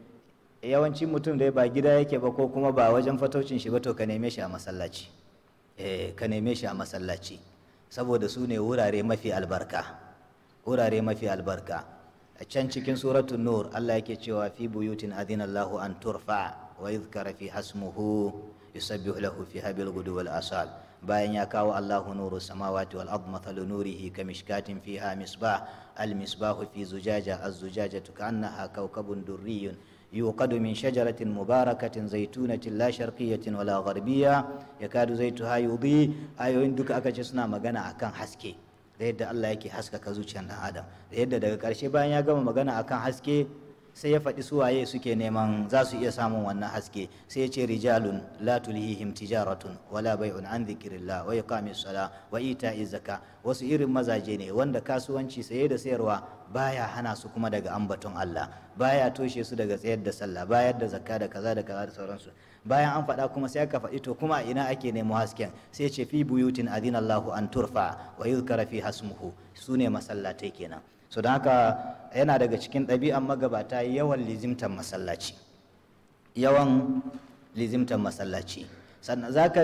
yawancin mutum dai ba gida yake ba ko kuma ba wajen fataucin shi ba to ka neme shi a masallaci eh ka neme shi a masallaci saboda su ne wurare mafi albarka wurare mafi albarka a can cikin suratul nur Allah yake cewa fi buyutin adinallahu an turfa wa yuzkara fi hasmuhu yusabbihu lahu fiha bil gudu wal asal bayan ya kawo Allahu nuru samawati wal ard mathalu nurihi kamishkatin fiha misbah al misbahu fi zujaja az zujajatu kaannaha kawkabun durriyun يوقد من شجرة مباركة زيتونة لا شرقية ولا غربية يكاد زيتها يضيء aka دوك أكجسنا magana أكان حسكي da yadda Allah yake haskaka zuciyar ɗan adam da yadda daga ƙarshe bayan ya gama magana akan haske sai ya faɗi su waye suke neman za su iya samun wannan haske sai ya ce rijalun la tulihim tijaratun wala bai'un an dhikrillah wa iqamis sala wa ita'iz zaka wasu irin mazaje ne wanda kasuwanci saye da sayarwa baya hana su kuma daga ambaton Allah baya toshe su daga tsayar da sallah bayar da zakka da kaza da kaza da sauransu bayan an faɗa kuma sai aka faɗi to kuma a ina ake nemo hasken sai ce fi buyutin adinallahu an turfa wa yuzkara fi hasmuhu sune masallatai kenan so don haka yana daga cikin ɗabi'an magabata yawan lizimtar masallaci yawan lizimtar masallaci sannan za ka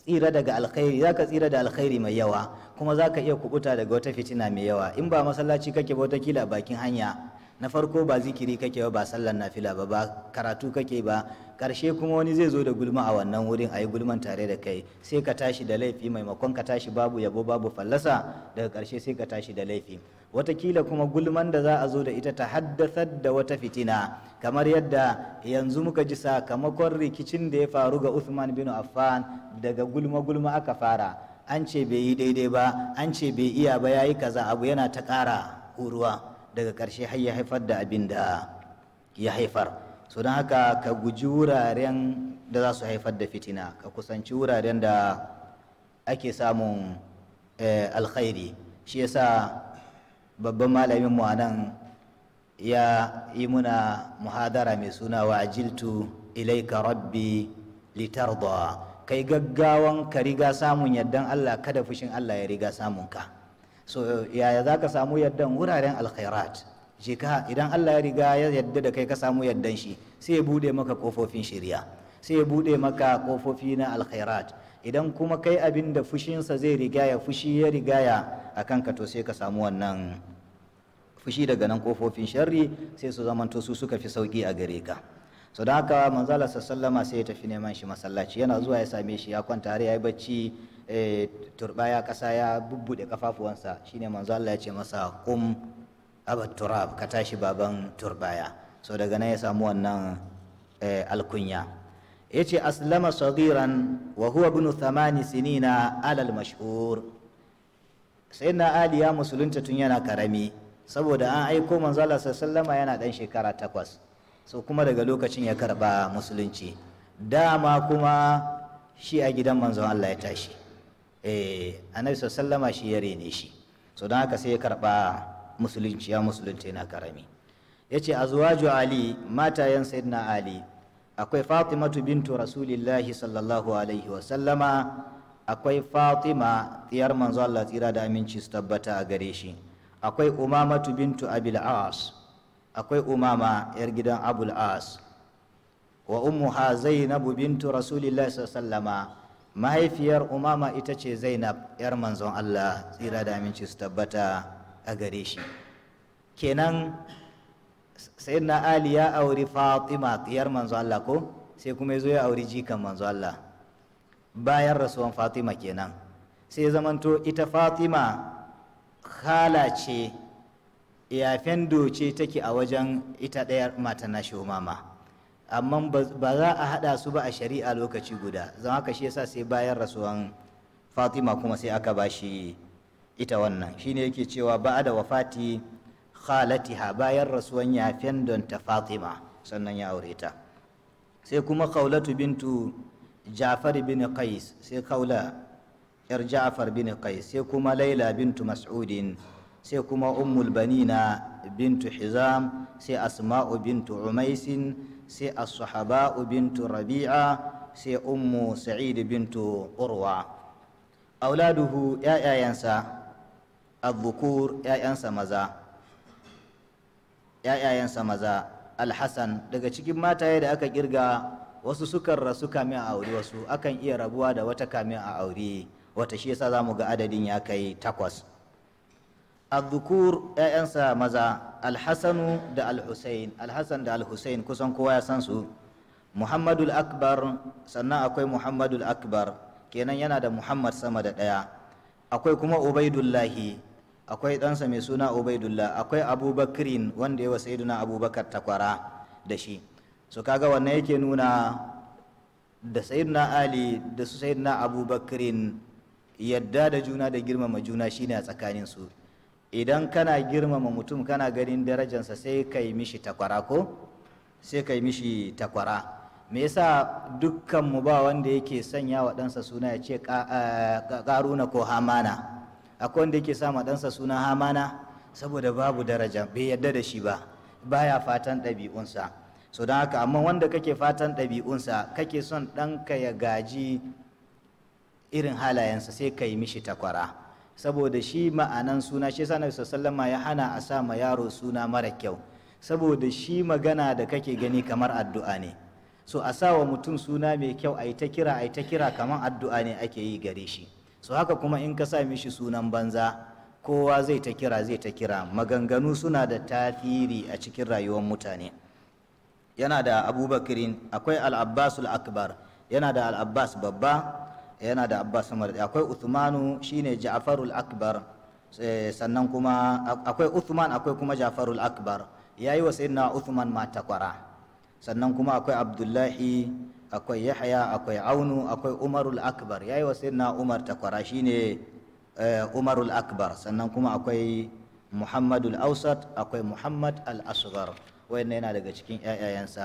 tsira daga alkhairi za ka tsira da alkhairi mai yawa kuma za ka iya kubuta daga wata fitina mai yawa in ba masallaci kake ba kila bakin hanya na farko ba zikiri kake ba ba sallar nafila ba ba karatu kake ba karshe kuma wani zai zo da gulma a wannan wurin a yi gulman tare da kai sai ka tashi da laifi maimakon ka tashi babu yabo babu fallasa daga karshe sai ka tashi da laifi watakila kuma gulman da za a zo da ita ta haddasar da wata fitina kamar yadda yanzu muka ji sakamakon rikicin da ya faru ga usman bin Affan daga gulma gulma aka fara an ce bai yi daidai ba an ce bai iya ba yayi kaza abu yana ta ƙara ruwa daga ƙarshe har ya haifar da abin da ya haifar so don haka ka guji wuraren da za su haifar da fitina ka kusanci wuraren da ake samun eh, alkhairi shi yasa babban malamin mu nan ya yi muna muhadara mai suna wa ajiltu ka rabbi litarda kai gaggawan ka riga samun yadda Allah kada fushin Allah ya riga samun ka so yaya za ka samu yardan wuraren alkhairat shi ka idan Allah ya riga ya yadda da kai ka samu yardan shi sai ya bude maka kofofin shirya sai ya bude maka kofofi na alkhairat idan kuma kai abin da fushinsa zai riga ya fushi ya riga ya a kanka to sai ka samu wannan fushi daga nan kofofin sharri sai su zamanto su suka fi sauki a gare ka so don haka manzala sallama sai ya tafi neman shi masallaci yana zuwa ya same shi ya kwanta har ya yi bacci Eh, turbaya ƙasa ya buɗe kafafuwansa shine manzo Allah ya ce masa kum abat turab ka tashi baban turbaya so daga nan ya samu wannan eh, alkunya yace aslama saghiran wa huwa ibn thamani sinina alal mash'ur. sayyidina ali ya musulunta tun yana karami saboda an aiko manzo Allah sallama yana dan shekara takwas so kuma daga lokacin ya karba musulunci dama kuma shi a gidan manzon Allah ya tashi eh annabi sallama shi ya rene shi so don haka sai ya karba musulunci ya musulunci yana karami a azwaju ali matayen sayyidina ali akwai tu bintu rasulillahi sallallahu alaihi wasallama akwai fatima tsiyar manzo Allah tsira da aminci su tabbata a gare shi akwai tu bintu abil as akwai umama yar gidan abul as wa ummuha zainabu bintu rasulillahi sallallahu alaihi wasallama mahaifiyar umama ita ce zainab yar manzon allah tsira da aminci su tabbata a gare shi kenan sayyidina ali ya auri fatima yar manzon allah ko sai kuma ya zo ya auri jikan manzon allah bayan rasuwan fatima kenan sai zamanto ita fatima khala ce yafen doce take a wajen ita ɗaya mata na umama. amma ba za a haɗa su ba a shari'a lokaci guda zan haka shi yasa sai bayan rasuwan fatima kuma sai aka ba shi ita wannan shine yake cewa ba da wafati khalatiha bayan rasuwan yafen don ta fatima sannan ya aure ta sai kuma kaulatu bintu jafar bin qais sai kaula yar ja'far bin qais sai kuma laila bintu mas'udin sai kuma ummul banina bintu hizam sai asma'u bintu umaisin sai as-sahaba'u bintu rabi'a sai ummu sa'id bintu urwa auladuhu ya'yayansa adh-dhukur maza ya'yayansa maza al daga cikin mataye da aka kirga wasu sukan rasu kamin a aure wasu akan iya rabuwa da wata kamin a aure wata shi yasa zamu ga adadin ya kai takwas الذكور أنسى مزا الحسن دا الحسين الحسن دا الحسين كسان كوايا سانسو محمد الأكبر سنة أكوي محمد الأكبر كينا ينا دا محمد سمد دايا أكوي كما أبيد الله أكوي تنسى ميسونا أبيد الله أكوي أبو بكرين وان دي وسيدنا أبو بكر تقرا دشي سو kaga wannan yake nuna da sayyidina ali da su sayyidina abubakarin yadda جونا دا da مجونا شينا سكانين سوري idan kana girmama mutum kana ganin darajansa sai ka yi mishi takwara ko sai ka yi mishi takwara me yasa dukkan mu ba wanda yake sanya wa ɗansa suna ya ce ƙaruna eh, ko hamana akwai wanda yake sama ɗansa suna hamana saboda babu daraja bai yadda da shi ba baya fatan ɗabi'unsa so don haka amma wanda kake fatan ɗabi'unsa kake son ɗanka ya gaji irin halayensa sai ka yi mishi takwara saboda shi ma'anan suna shi yasa Nabi sallama ya hana a sa ma yaro suna mara kyau saboda shi magana da kake gani kamar addu'a ne so a sa wa mutum suna mai kyau a yi ta kira a yi ta kira kamar addu'a ne ake yi gare shi so haka kuma in ka sa mishi sunan banza kowa zai ta kira zai ta kira maganganu suna da tasiri a cikin rayuwar mutane yana da abubakirin akwai al'abbasul akbar yana da al'abbas babba yana da abba sama akwai uthmanu shine ja'farul akbar eh, sannan kuma akwai uthman akwai kuma ja'farul akbar yayi wa sayyidina uthman ma takwara sannan kuma akwai abdullahi akwai yahya akwai aunu akwai umarul akbar yayi wa sayyidina umar takwara shine eh, umarul akbar sannan kuma akwai muhammadul ausat akwai muhammad al asghar wayannan yana daga cikin ƴaƴayensa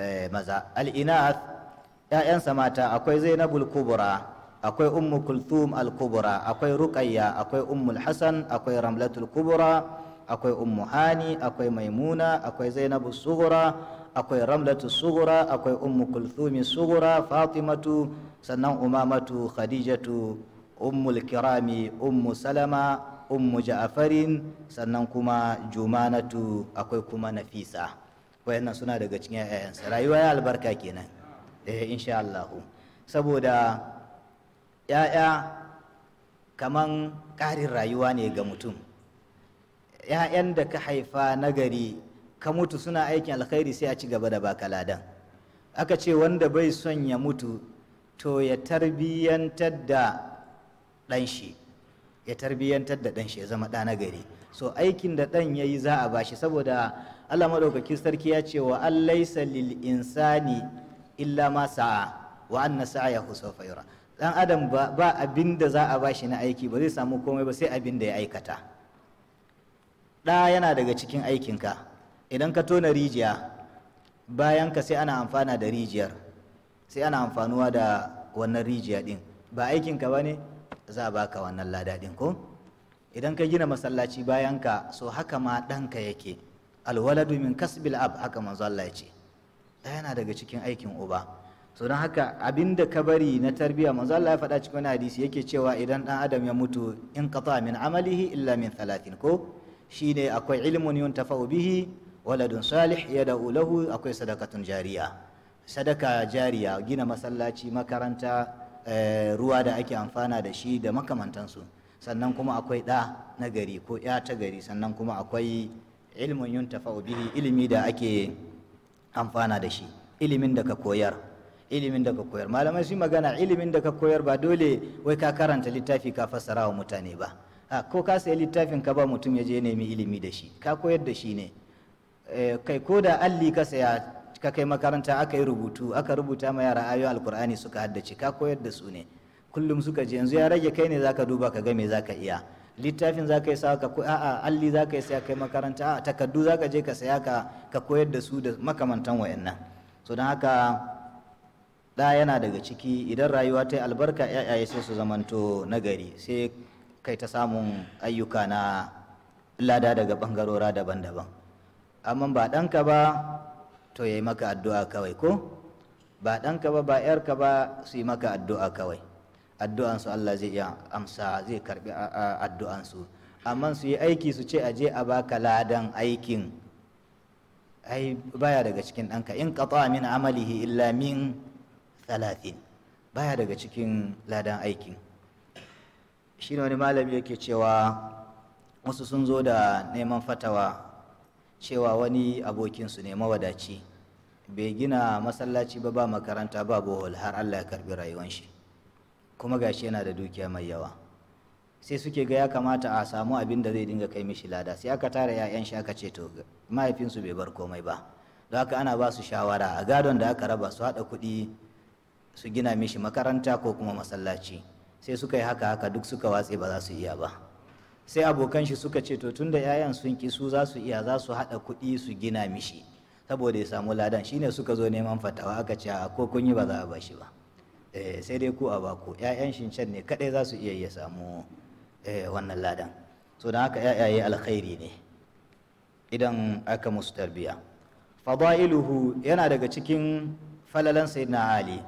eh, maza al inath 'ya'yansa mata akwai zainabul kubura akwai ummu kulthum al kubura akwai ruqayya akwai ummul hasan akwai ramlatul kubura akwai ummu hani akwai maimuna akwai zainabu sugura akwai ramlatu sugura akwai ummu kulthumi sugura fatimatu sannan umamatu khadijatu ummul kirami ummu salama ummu ja'afarin sannan kuma jumanatu akwai kuma nafisa wayannan suna daga cikin 'ya'yansa rayuwa ya albarka kenan eh insha Allah saboda ya'ya kaman ƙarin rayuwa ne ga mutum ya'yan da ka haifa nagari ka mutu suna aikin alkhairi sai a ci gaba da baka ladan aka ce wanda bai son ya mutu to ya tarbiyyantar da ɗan shi ya tarbiyyantar da ɗan ya zama ɗa nagari so aikin da ɗan ya yi za a bashi saboda allah maɗaukaki sarki ya ce wa allaisa lil insani illa ma sa'a wa anna sa'ayahu sawfa yura dan adam ba, abinda za a bashi na aiki ba zai samu komai ba sai abin da ya aikata ɗa yana daga cikin aikinka idan ka tona rijiya bayan ka sai ana amfana da rijiyar sai ana amfanuwa da wannan rijiya din ba aikinka ba ne za a baka wannan lada din ko idan ka gina masallaci bayan ka so haka ma ɗanka yake alwaladu min kasbil ab haka manzo Allah ya ce yana daga cikin aikin uba so don haka abinda ka bari na tarbiyya manzo Allah ya faɗa cikin hadisi yake cewa idan ɗan adam ya mutu in qata min amalihi illa min thalathin ko shine akwai ilmun yuntafa'u bihi waladun salih yad'u lahu akwai sadakatun jariya sadaka jariya gina masallaci makaranta eh, ruwa da ake amfana da shi da makamantansu sannan kuma akwai ɗa nagari ko ya ta gari sannan kuma akwai ilmun yuntafa'u bihi ilimi da ake amfana da shi ilimin da ka koyar ilimin da ka koyar malamai su magana ilimin da ka koyar ba dole wai ka karanta littafi ka fassara wa mutane ba a ko ka sayi littafin ka ba mutum ya je nemi ilimi da shi ka koyar da shi ne eh, kai ko da alli ka saya ka kai makaranta aka yi rubutu aka rubuta ma yara ayoyin alkur'ani suka haddace ka koyar da su ne kullum suka je yanzu ya rage kai ne zaka duba ka ga me zaka iya littafin za ka yi sawa ka koya a alli za ka yi saya kai makaranta a takardu za ka je ka saya ka ka koyar da su da makamantan wayannan so don haka da yana daga ciki idan rayuwa ta yi albarka yayaye sai su zamanto nagari sai kai ta samun ayyuka na lada daga bangarora daban-daban amma ba ɗanka ba to ya yi maka addu'a kawai ko ba ɗanka ba ba ‘yarka ba su yi maka addu'a kawai addu'ansu Allah zai iya amsa zai karbi addu'ansu amma su yi aiki su ce aje a baka ladan aikin ai baya daga cikin ɗanka in qata min amalihi illa min talatin baya daga cikin ladan aikin shi wani malami yake cewa wasu sun zo da neman fatawa cewa wani abokinsu ne mawadaci bai gina masallaci ba ba makaranta ba bohol har Allah ya karbi rayuwan shi kuma gashi yana da dukiya mai yawa sai suke ga ya kamata a samu abin da zai dinga kai mishi lada sai aka tara ya'yan shi aka ce to mahaifinsu bai bar komai ba don haka ana ba su shawara a gadon da aka raba su haɗa kuɗi su gina mishi makaranta ko kuma masallaci sai suka yi haka haka duk suka watse ba za su iya ba sai abokan shi suka ce to tunda 'ya'yan sun ki su za su iya za su haɗa kuɗi su gina mishi saboda ya samu ladan shine suka zo neman fatawa aka ce a ko kun yi ba za a ba shi ba Eh, sai dai ku a baku yayan shincen ne kadai za su iya ya samu eh, wannan ladan so don haka ƴaƴaye alkhairi ne idan aka musu tarbiya fadailuhu yana daga cikin falalan na ali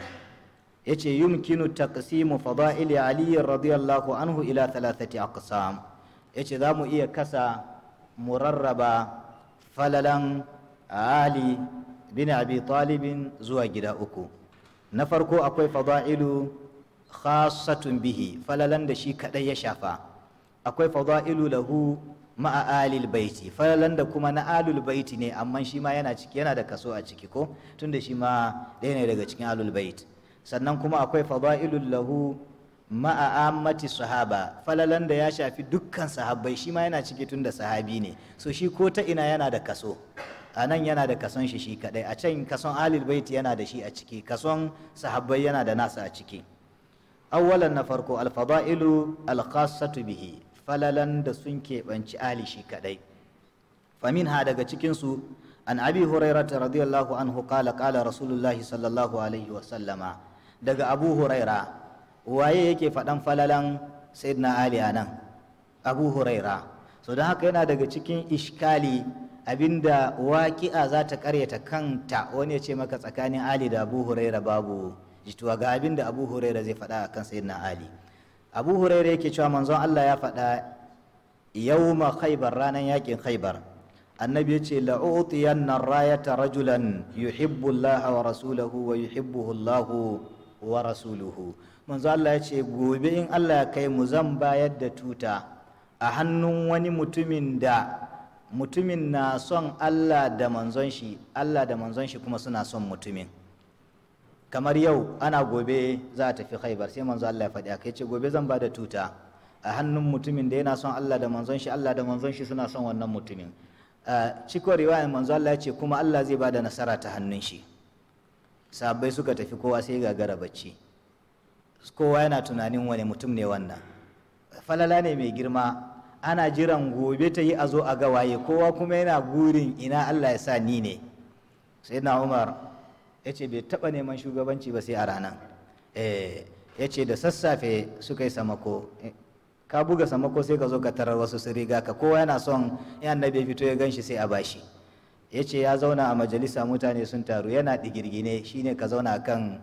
yace yumkinu taqsimu fadaili ali radiyallahu anhu ila thalathati aqsam yace zamu iya kasa murarraba falalan ali bin abi talibin zuwa gida uku na farko akwai fada'ilu khasatun bihi falalan da shi kaɗai ya shafa akwai fada'ilu lahu ma'a alil baiti falalan da kuma na alul baiti ne amma shi ma yana ciki yana da kaso a ciki ko tunda shi ma ɗaya ne daga cikin alul bait sannan kuma akwai fada'ilu lahu ma'a ammati sahaba falalan da ya shafi dukkan sahabbai shi ma yana ciki tunda sahabi ne so shi ko ta ina yana da kaso a nan yana da kason shi shi kadai a can kason alil baiti yana da shi a ciki kason sahabbai yana da nasa a ciki awwalan na farko alfada'ilu alkhassatu bihi falalan da sun keɓanci ali shi kadai faminha daga cikin su an abi hurairata radiyallahu anhu qala qala rasulullahi sallallahu alaihi wa sallama daga abu huraira waye yake faɗan falalan sayyidina ali anan abu huraira so don haka yana daga cikin ishkali abinda waƙi'a za ta karyata kanta wani ya ce maka tsakanin ali da abu huraira babu jituwa ga abinda abu huraira zai faɗa akan sayyidina ali abu huraira yake cewa manzon allah ya faɗa yawma khaybar ranar yakin khaybar annabi ya ce la'utiyanna rayata rajulan yuhibbu allah wa rasuluhu wa yuhibbuhu wa rasuluhu manzo allah ya gobe in allah ya kai mu zan bayar da tuta a hannun wani mutumin da mutumin na son Allah da manzon shi Allah da manzon shi kuma suna son mutumin kamar yau ana gobe za a tafi khaibar sai manzo Allah ya faɗi aka ce gobe zan bada tuta a hannun mutumin da yana son Allah da manzon shi Allah da manzon shi suna son wannan mutumin cikin riwaya manzo Allah ya ce kuma Allah zai bada nasara ta hannun shi sabai suka tafi kowa sai gagara bacci kowa yana tunanin wani mutum ne wannan falala ne mai girma ana jiran gobe ta yi a zo a gawaye kowa kuma yana gurin ina Allah ya sa ni ne sai na umar ya ce bai taɓa neman shugabanci ba sai a ranar eh, ya ce da sassafe suka yi samako eh, ka buga samako sai ka zo ka tarar wasu su riga ka kowa yana son ya annabi fito ya ganshi sai a bashi ya ce ya zauna a majalisa mutane sun taru yana digirgine shine ka zauna kan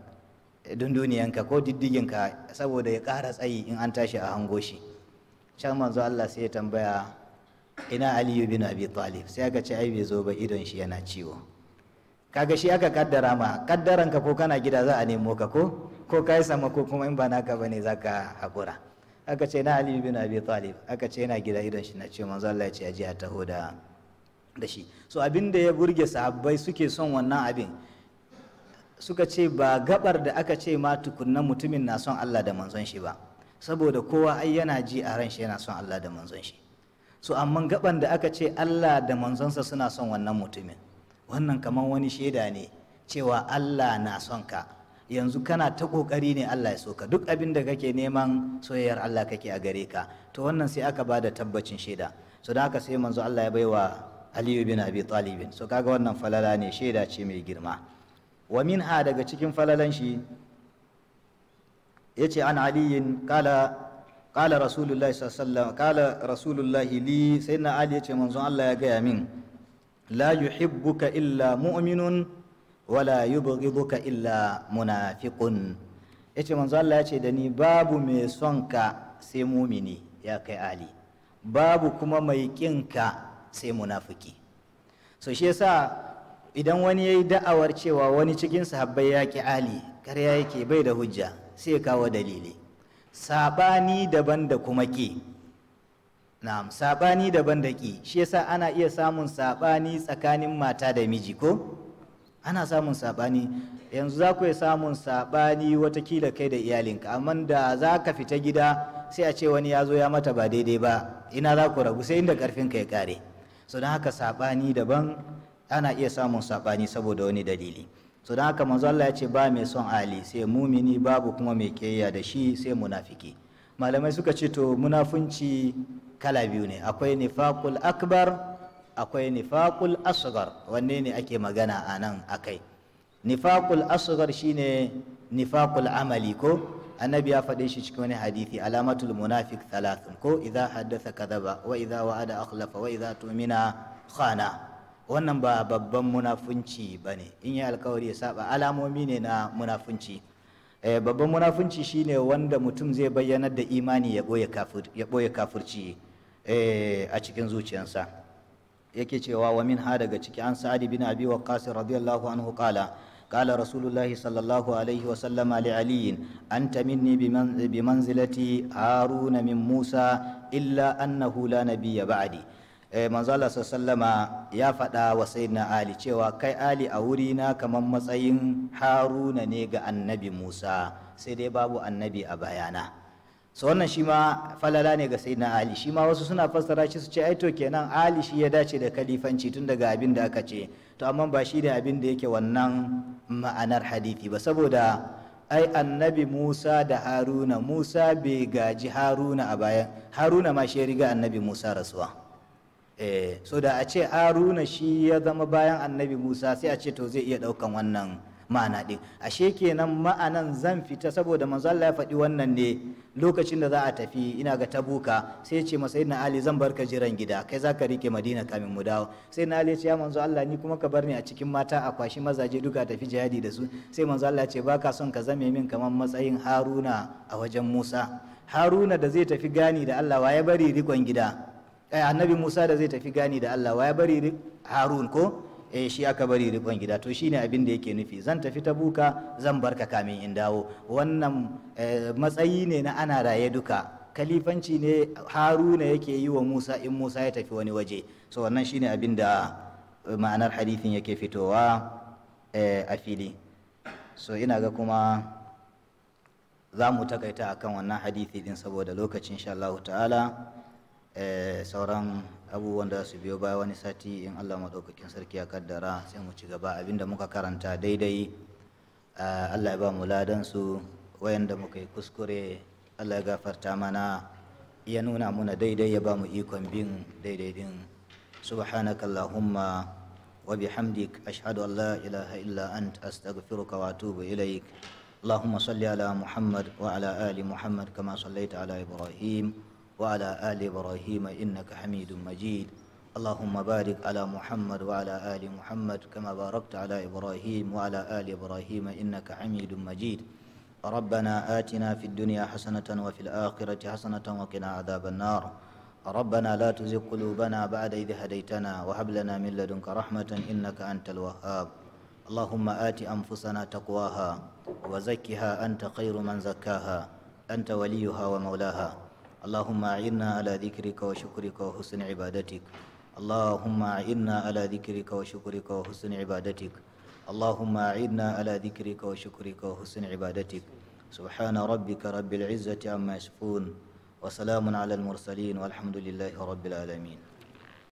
dunduniyanka ko diddiginka saboda ya ƙara tsayi in an tashi a hango shi can manzo Allah sai ya tambaya ina aliyu bin abi talib sai aka ce ai bai zo ba idon shi yana ciwo kaga shi aka kaddara ma kaddaran ka ko kana gida za a nemo ka ko ko kai sama ko kuma in ba naka bane zaka hakura aka ce na aliyu bin abi talib aka ce yana gida idon shi na ciwo manzo Allah ya ce aje a taho da da shi so abin da ya burge sahabbai suke son wannan abin suka ce ba gabar da aka ce ma tukunna mutumin na son Allah da manzon shi ba saboda kowa ai yana ji a ran shi yana son Allah da manzon shi so amma gaban da aka ce Allah da manzonsa suna son wannan mutumin wannan kamar wani shaida ne cewa Allah na son ka yanzu kana ta kokari ne Allah ya so ka duk abin da kake neman soyayyar Allah kake a gare ka to wannan sai aka bada tabbacin shaida so da aka sai manzo Allah ya baiwa Aliyu bin Abi Talib so kaga wannan falala ne shaida ce mai girma wa minha daga cikin falalan shi Ya ce an aliyin kala kala rasulullahi sallallahu kala rasulullahi li na ali ce manzon Allah ya gaya min la yuhibbuka illa mu'minun wala yubghiduka illa munafiqun ce manzon Allah ya ce da ni babu mai son ka sai mumini ya kai ali babu kuma mai kinka sai munafiki so shi yasa idan wani yayi da'awar cewa wani cikin sahabbai ya ki ali karya yake bai da hujja sai kawo dalili saɓani daban da kuma ƙi na'am saɓani daban da ƙi shi yasa ana iya samun saɓani tsakanin mata da miji ko ana samun saɓani yanzu za ku iya samun saɓani watakila kai da iyalinka amma da za ka fita gida sai a ce wani ya zo ya mata ba daidai ba ina za ku ragu sai inda ƙarfinka ya kare? so don haka sabani daban ana iya samun sabani saboda wani dalili so don haka manzo Allah ya ce ba mai son ali sai mumini babu kuma mai kiyayya da shi sai munafiki malamai suka ce to munafunci kala biyu ne akwai nifaqul akbar akwai nifaqul asghar wanne ne ake magana a nan akai nifaqul asghar shine nifaqul amali ko annabi ya faɗe shi cikin wani hadisi alamatul munafiq thalathun ko idza haddatha kadhaba wa idza wa'ada akhlafa wa idza tumina khana wannan ba babban munafunci ba ne in yi alkawari ya saba alamomi ne na munafunci eh, babban munafunci shine wanda mutum zai bayyanar da imani ya ɓoye kafurci eh, a cikin zuciyarsa yake cewa wa min ha daga ciki an sa'adi bin abi waqqas radiyallahu anhu qala قال رسول الله صلى الله عليه وسلم لعلي أنت مني بمنزلة min musa illa annahu la لا ya بعدي Eh, manzala sallama ya faɗa wa sayyidina ali cewa kai ali a wuri na kamar matsayin haruna ne ga annabi musa sai dai babu annabi a bayana so wannan shi ma falala ne ga sayyidina ali shi ma wasu suna fassara shi su ce ai to kenan ali shi ya dace da kalifanci tun daga abin da aka ce to amma ba shi da abin da yake wannan ma'anar hadithi ba saboda ai annabi musa da haruna musa bai gaji haruna a bayan haruna ma shi ya riga annabi musa rasuwa eh so da a ce aruna shi ya zama bayan annabi musa sai a ce to zai iya ɗaukan wannan ma'ana ɗin ashe kenan ma'anan zan fita saboda manzo Allah ya faɗi wannan ne lokacin da za a tafi ina ga tabuka sai ce masa na ali zan barka jiran gida kai za ka rike madina kamin mu dawo sai na ali ya ce ya manzo Allah ni kuma ka bar ni a cikin mata a kwashi mazaje duka tafi jihadi da su sai manzo Allah ya ce baka son ka zame min kamar matsayin haruna a wajen musa haruna da zai tafi gani da Allah wa ya bari rikon gida Eh, annabi Musa da zai tafi gani da Allah waya bari Harun ko e shi aka bari rikon gida to shine abin da yake nufi zan tafi ta buka zan barka kamin in dawo wannan eh, matsayi ne na ana raye duka kalifanci ne haruna yake yi wa musa in musa ya tafi wani waje so wannan shine abin da ma'anar hadithin yake fitowa a fili so ina ga kuma za mu takaita akan wannan hadithi din saboda lokacin sha Allah ta'ala Eh, sauran abubuwan da su biyo baya wani sati in allah maɗaukakin sarki ya kaddara sai mu ci gaba abinda muka karanta daidai eh, allah ya ba mu ladan su wayanda muka yi kuskure allah ya gafarta mana ya nuna muna daidai ya ba mu ikon bin daidai din allahumma wa bihamdik ashhadu an la ilaha illa ant astaghfiruka wa atubu ilaik اللهم صل على محمد وعلى آل محمد كما صليت على إبراهيم وعلى آل إبراهيم إنك حميد مجيد اللهم بارك على محمد وعلى آل محمد كما باركت على إبراهيم وعلى آل إبراهيم إنك حميد مجيد ربنا آتنا في الدنيا حسنة وفي الآخرة حسنة وقنا عذاب النار ربنا لا تزغ قلوبنا بعد إذ هديتنا وهب لنا من لدنك رحمة إنك أنت الوهاب اللهم آت أنفسنا تقواها وزكها أنت خير من زكاها أنت وليها ومولاها اللهم أعنا على ذكرك وشكرك وحسن عبادتك اللهم أعنا على ذكرك وشكرك وحسن عبادتك اللهم أعنا على ذكرك وشكرك وحسن عبادتك سبحان ربك رب العزة عما يصفون وسلام على المرسلين والحمد لله رب العالمين